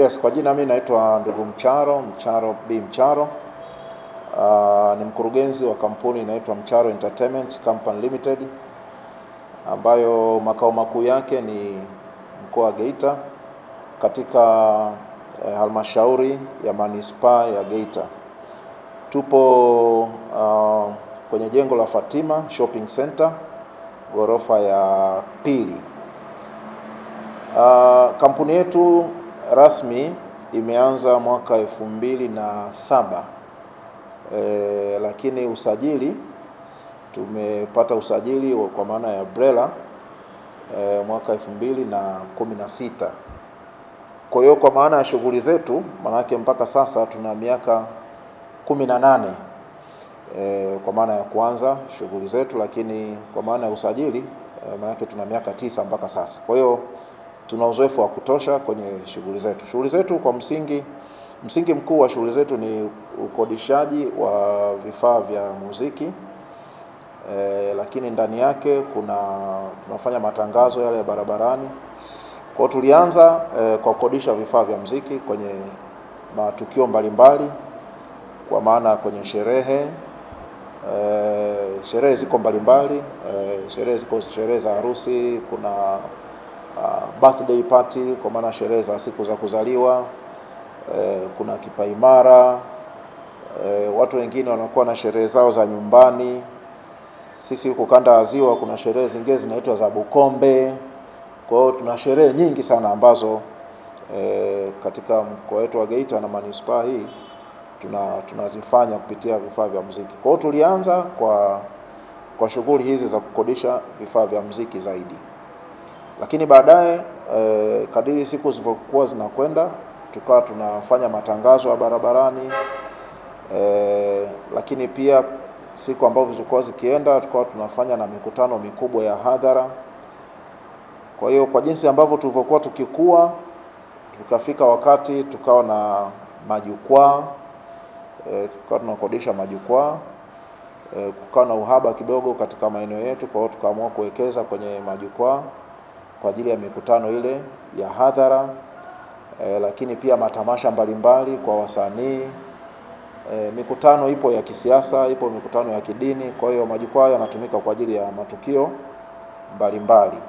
Yes, kwa jina mimi naitwa ndugu Mcharo, Mcharo B Mcharo. Uh, ni mkurugenzi wa kampuni inaitwa Mcharo Entertainment Company Limited ambayo makao makuu yake ni mkoa wa Geita katika eh, halmashauri ya manispaa ya Geita. Tupo uh, kwenye jengo la Fatima Shopping Center ghorofa ya pili. Uh, kampuni yetu rasmi imeanza mwaka elfu mbili na saba e, lakini usajili tumepata usajili kwa maana ya BRELA e, mwaka elfu mbili na kumi na sita. Kwa hiyo kwa maana ya shughuli zetu, maanake mpaka sasa tuna miaka kumi na nane e, kwa maana ya kuanza shughuli zetu, lakini kwa maana ya usajili e, maanake tuna miaka tisa mpaka sasa, kwa hiyo tuna uzoefu wa kutosha kwenye shughuli zetu. Shughuli zetu kwa msingi msingi mkuu wa shughuli zetu ni ukodishaji wa vifaa vya muziki e, lakini ndani yake kuna tunafanya matangazo yale ya barabarani. Kwa tulianza e, kwa kukodisha vifaa vya muziki kwenye matukio mbalimbali, kwa maana kwenye sherehe e, sherehe ziko mbalimbali e, sherehe ziko sherehe za harusi kuna uh, birthday party kwa maana sherehe za siku za kuzaliwa eh, kuna kipaimara eh, watu wengine wanakuwa na sherehe zao za nyumbani. Sisi huko kanda ya Ziwa kuna sherehe zingine zinaitwa za Bukombe. Kwa hiyo tuna sherehe nyingi sana ambazo eh, katika mkoa wetu wa Geita na manispaa hii tuna tunazifanya kupitia vifaa vya muziki. Kwa hiyo tulianza kwa kwa shughuli hizi za kukodisha vifaa vya muziki zaidi. Lakini baadaye e, kadiri siku zilivyokuwa zinakwenda tukawa tunafanya matangazo ya barabarani e, lakini pia siku ambazo zilikuwa zikienda tukawa tunafanya na mikutano mikubwa ya hadhara. Kwa hiyo kwa jinsi ambavyo tulivyokuwa tukikua, tukafika wakati tukawa na majukwaa e, tukawa tunakodisha majukwaa e, kukawa na uhaba kidogo katika maeneo yetu, kwa hiyo tukaamua kuwekeza kwenye majukwaa kwa ajili ya mikutano ile ya hadhara e, lakini pia matamasha mbalimbali kwa wasanii e, mikutano ipo ya kisiasa, ipo mikutano ya kidini. Kwa hiyo majukwaa yanatumika kwa ajili ya matukio mbalimbali mbali.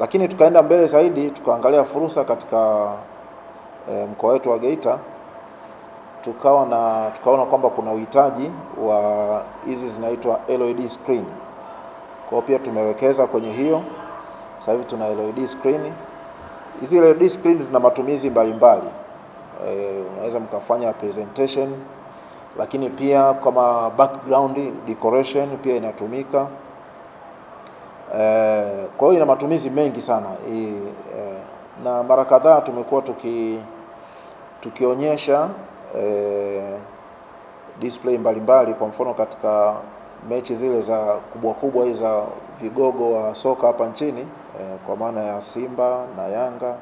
Lakini tukaenda mbele zaidi tukaangalia fursa katika e, mkoa wetu wa Geita tukawa na tukaona kwamba kuna uhitaji wa hizi zinaitwa LED screen. Kwa hiyo pia tumewekeza kwenye hiyo. Sasa hivi tuna LED screen. Hizi LED screen zina matumizi mbalimbali mbali. E, unaweza mkafanya presentation, lakini pia kama background decoration pia inatumika e, kwa hiyo ina matumizi mengi sana e, e, na mara kadhaa tumekuwa tuki tukionyesha e, display mbalimbali mbali, kwa mfano katika mechi zile za kubwa kubwa za vigogo wa soka hapa nchini e, kwa maana ya Simba na Yanga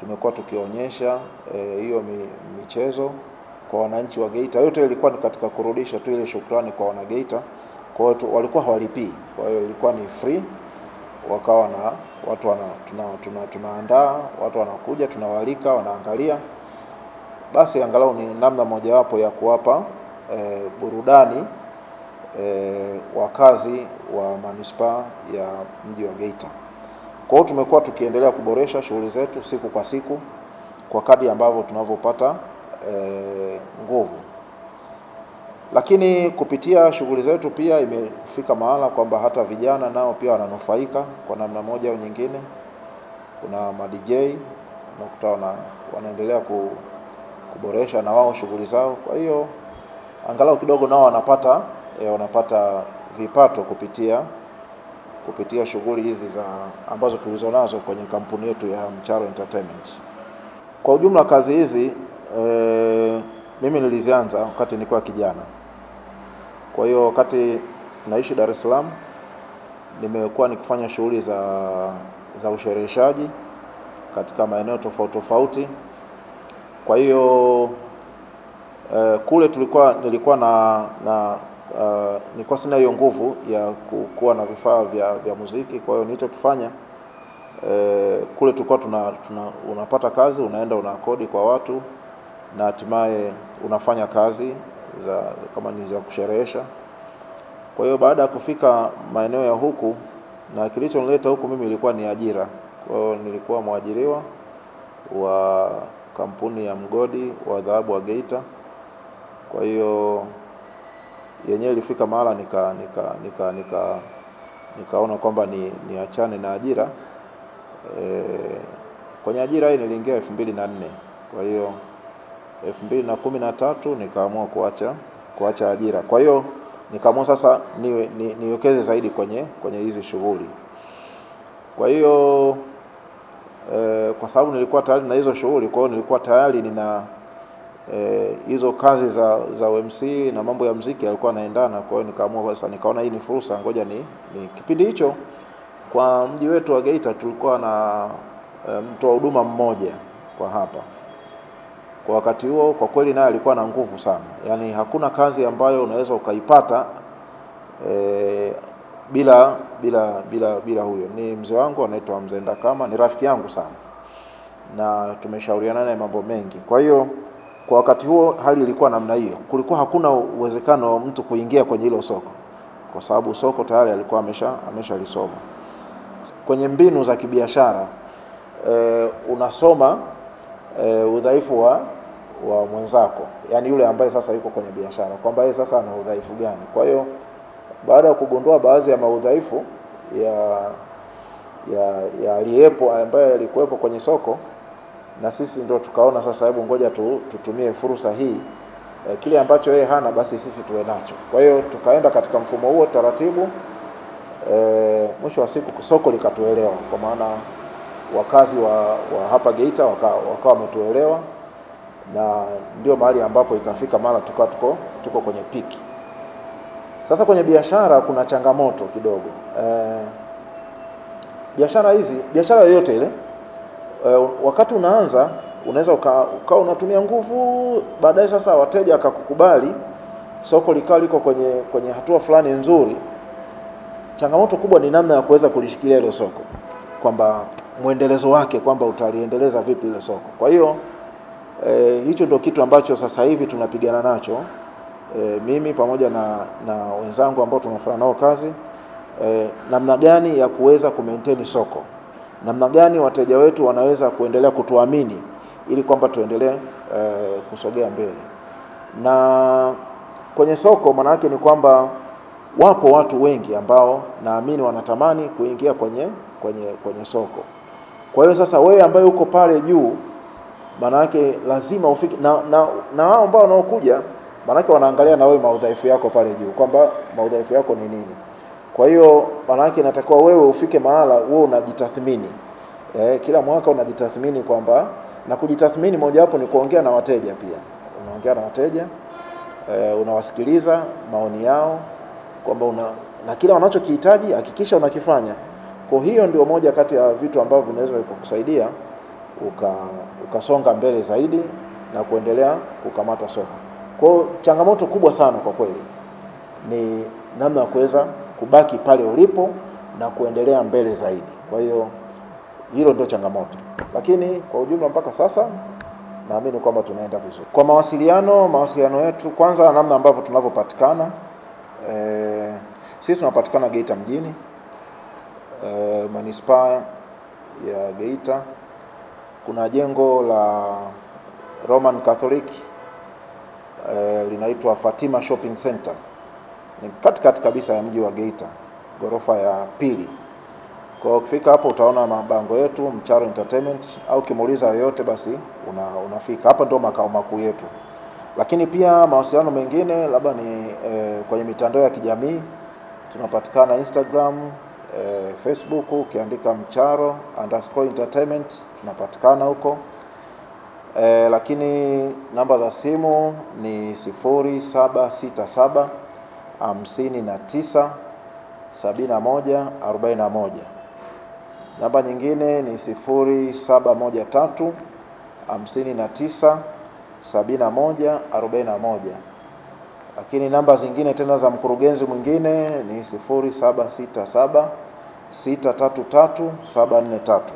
tumekuwa tukionyesha e, hiyo e, michezo kwa wananchi wa Geita. Yote ilikuwa ni katika kurudisha tu ile shukrani kwa wana Geita. Kwa hiyo walikuwa hawalipii, kwa hiyo ilikuwa ni free, wakawa na watu wana, tuna, tuna, tunaandaa watu wanakuja, tunawalika, wanaangalia. Basi angalau ni namna mojawapo ya kuwapa e, burudani e, wakazi wa manispaa ya mji wa Geita. Kwa hiyo tumekuwa tukiendelea kuboresha shughuli zetu siku kwa siku kwa kadri ambavyo tunavyopata e, nguvu, lakini kupitia shughuli zetu pia imefika mahala kwamba hata vijana nao pia wananufaika kwa namna moja au nyingine. Kuna ma DJ unakuta wana, wanaendelea kuboresha na wao shughuli zao, kwa hiyo angalau kidogo nao wanapata e, wanapata vipato kupitia kupitia shughuli hizi za ambazo tulizonazo kwenye kampuni yetu ya Mcharo Entertainment. Kwa ujumla kazi hizi e, mimi nilizianza wakati nilikuwa kijana. Kwa hiyo wakati naishi Dar es Salaam nimekuwa nikifanya shughuli za, za ushereheshaji katika maeneo tofauti tofauti. Kwa hiyo e, kule tulikuwa nilikuwa na, na uh, nilikuwa sina hiyo nguvu ya kuwa na vifaa vya, vya muziki. Kwa hiyo nilichokifanya eh, kule tulikuwa tuna, tuna, unapata kazi unaenda unakodi kwa watu na hatimaye unafanya kazi za kama ni za kusherehesha. Kwa hiyo baada ya kufika maeneo ya huku na kilichonileta huku mimi ilikuwa ni ajira. Kwa hiyo nilikuwa mwajiriwa wa kampuni ya mgodi wa dhahabu wa Geita. Kwa hiyo yenyewe ilifika mahala nika nika nika nika nikaona kwamba ni niachane na ajira e, kwenye ajira hii niliingia elfu mbili na nne kwa hiyo elfu mbili na kumi na tatu nikaamua kuacha kuacha ajira. Kwa hiyo nikaamua sasa niwe ni, niwekeze zaidi kwenye kwenye hizi shughuli. Kwa hiyo e, kwa sababu nilikuwa tayari na hizo shughuli, kwa hiyo nilikuwa tayari nina Eh, hizo e, kazi za za UMC na mambo ya mziki yalikuwa naendana Kwa hiyo nikaamua sasa, nikaona hii ni fursa, ngoja ni, ni kipindi hicho kwa mji wetu wa Geita tulikuwa na e, mtoa huduma mmoja kwa hapa kwa wakati huo, kwa kweli naye alikuwa na nguvu sana, yaani hakuna kazi ambayo unaweza ukaipata e, bila bila bila bila huyo. Ni mzee wangu anaitwa Mzee Ndakama, ni rafiki yangu sana na tumeshauriana naye mambo mengi, kwa hiyo kwa wakati huo hali ilikuwa namna hiyo, kulikuwa hakuna uwezekano wa mtu kuingia kwenye hilo soko, kwa sababu soko tayari alikuwa amesha ameshalisoma. Kwenye mbinu za kibiashara e, unasoma e, udhaifu wa wa mwenzako, yaani yule ambaye sasa yuko kwenye biashara, kwamba yeye sasa ana udhaifu gani. Kwa hiyo baada ya kugundua baadhi ya maudhaifu ya ya aliyepo ambaye alikuwepo kwenye soko na sisi ndio tukaona sasa, hebu ngoja tu, tutumie fursa hii e, kile ambacho yeye hana basi sisi tuwe nacho. Kwa hiyo tukaenda katika mfumo huo taratibu. E, mwisho wa siku soko likatuelewa, kwa maana wakazi wa, wa hapa Geita wakawa wametuelewa waka na ndio mahali ambapo ikafika mara tukawa tuko, tuko kwenye piki. Sasa kwenye biashara kuna changamoto kidogo e, biashara hizi biashara yoyote ile uh, wakati unaanza unaweza ukawa uka unatumia nguvu, baadaye sasa wateja wakakukubali, soko likawa liko kwenye, kwenye hatua fulani nzuri. Changamoto kubwa ni namna ya kuweza kulishikilia hilo soko, kwamba mwendelezo wake, kwamba utaliendeleza vipi hilo soko. Kwa hiyo e, hicho ndio kitu ambacho sasa hivi tunapigana nacho e, mimi pamoja na, na wenzangu ambao tunafanya nao kazi e, namna gani ya kuweza kumaintain soko namna gani wateja wetu wanaweza kuendelea kutuamini ili kwamba tuendelee e, kusogea mbele. Na kwenye soko maana yake ni kwamba wapo watu wengi ambao naamini wanatamani kuingia kwenye, kwenye, kwenye soko. Kwa hiyo sasa wewe ambaye uko pale juu maana yake lazima ufike na, na, na hao ambao wanaokuja maana yake wanaangalia na wewe maudhaifu yako pale juu kwamba maudhaifu yako ni nini. Kwa hiyo maanake inatakiwa wewe ufike mahala wewe unajitathmini eh, kila mwaka unajitathmini kwamba na kujitathmini, mojawapo ni kuongea na wateja pia. Unaongea na wateja eh, unawasikiliza maoni yao kwamba una na kila wanachokihitaji hakikisha unakifanya. Kwa hiyo ndio moja kati ya vitu ambavyo vinaweza kukusaidia uka, ukasonga mbele zaidi na kuendelea kukamata soko. Kwa hiyo changamoto kubwa sana kwa kweli ni namna ya kuweza kubaki pale ulipo na kuendelea mbele zaidi. Kwa hiyo hilo ndio changamoto, lakini kwa ujumla mpaka sasa naamini kwamba tunaenda vizuri. Kwa mawasiliano, mawasiliano yetu kwanza, namna ambavyo tunavyopatikana e, sisi tunapatikana Geita mjini e, manispaa ya Geita kuna jengo la Roman Catholic e, linaitwa Fatima Shopping Center ni katikati kabisa ya mji wa Geita, ghorofa ya pili. Kwa ukifika hapo utaona mabango yetu Mcharo Entertainment, au kimuuliza yoyote basi una, unafika hapa, ndio makao makuu yetu. Lakini pia mawasiliano mengine labda ni e, kwenye mitandao ya kijamii tunapatikana Instagram, e, Facebook, ukiandika Mcharo underscore entertainment tunapatikana huko. E, lakini namba za simu ni 0767 hamsini na tisa sabini na moja arobaini na moja. Namba nyingine ni sifuri saba moja tatu hamsini na tisa sabini na moja arobaini na moja. Lakini namba zingine tena za mkurugenzi mwingine ni sifuri saba sita saba sita tatu tatu saba nne tatu.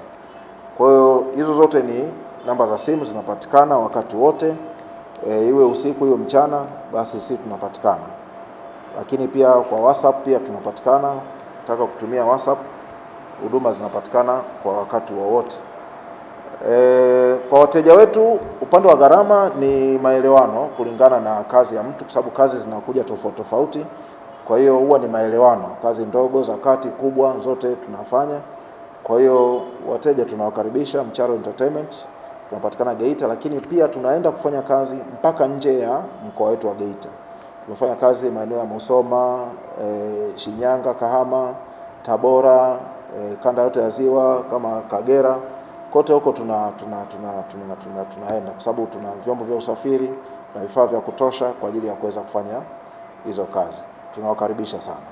Kwa hiyo hizo zote ni namba za simu zinapatikana wakati wote, e, iwe usiku iwe mchana, basi sisi tunapatikana lakini pia kwa WhatsApp pia tunapatikana. Nataka kutumia WhatsApp, huduma zinapatikana kwa wakati wowote. e, kwa wateja wetu upande wa gharama ni maelewano kulingana na kazi ya mtu, kwa sababu kazi zinakuja tofauti tofauti. Kwa hiyo huwa ni maelewano, kazi ndogo za kati, kubwa, zote tunafanya. Kwa hiyo wateja tunawakaribisha Mcharo Entertainment, tunapatikana Geita, lakini pia tunaenda kufanya kazi mpaka nje ya mkoa wetu wa Geita. Tumefanya kazi maeneo ya Musoma, e, Shinyanga, Kahama, Tabora, e, kanda yote ya ziwa kama Kagera, kote huko tuna tunaenda tuna, tuna, tuna, tuna kwa sababu tuna vyombo vya usafiri, na vifaa vya kutosha kwa ajili ya kuweza kufanya hizo kazi. Tunawakaribisha sana.